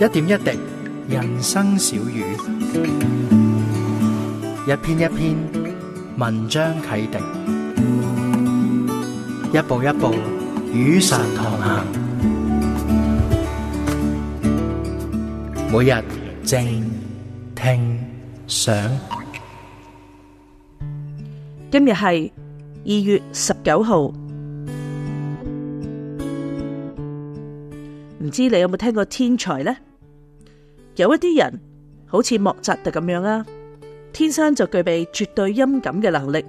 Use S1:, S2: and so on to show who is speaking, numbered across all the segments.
S1: 一點一滴，人生小雨；一篇一篇，文章啟迪；一步一步，與神同行。每日靜聽想，
S2: 今日係
S1: 二月十
S2: 九號。唔知你有冇聽過天才呢？有一啲人好似莫扎特咁樣啦，天生就具備絕對音感嘅能力。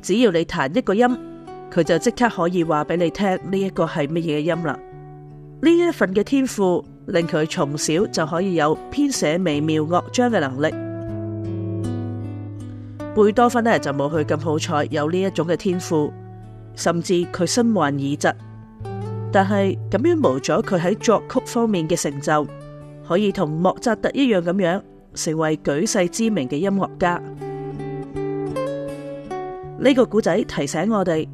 S2: 只要你彈一個音，佢就即刻可以話俾你聽呢一個係乜嘢嘅音啦。呢一份嘅天賦令佢從小就可以有編寫美妙樂章嘅能力。貝多芬呢，就冇佢咁好彩，有呢一種嘅天賦，甚至佢身患耳疾，但係咁樣無咗佢喺作曲方面嘅成就。可以同莫扎特一樣咁樣，成為舉世知名嘅音樂家。呢、這個古仔提醒我哋，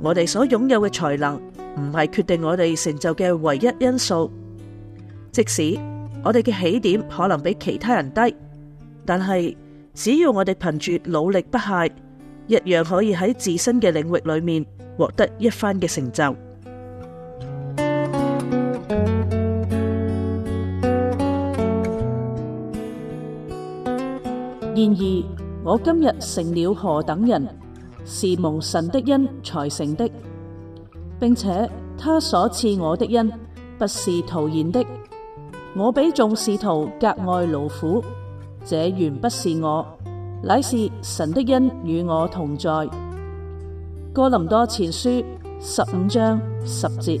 S2: 我哋所擁有嘅才能唔係決定我哋成就嘅唯一因素。即使我哋嘅起點可能比其他人低，但係只要我哋憑住努力不懈，一樣可以喺自身嘅領域裏面獲得一番嘅成就。然而我今日成了何等人，是蒙神的恩才成的，並且他所賜我的恩不是徒然的。我比眾使徒格外勞苦，這原不是我，乃是神的恩與我同在。哥林多前書十五章十節。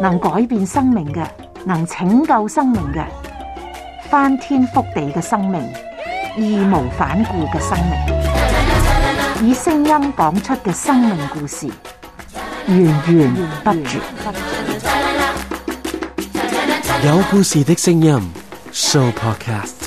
S2: 能改變生命嘅，能拯救生命嘅，翻天覆地嘅生命，義無反顧嘅生命，以聲音講出嘅生命故事，源源
S1: 不絕。有故事的聲音，Sooo Podcast。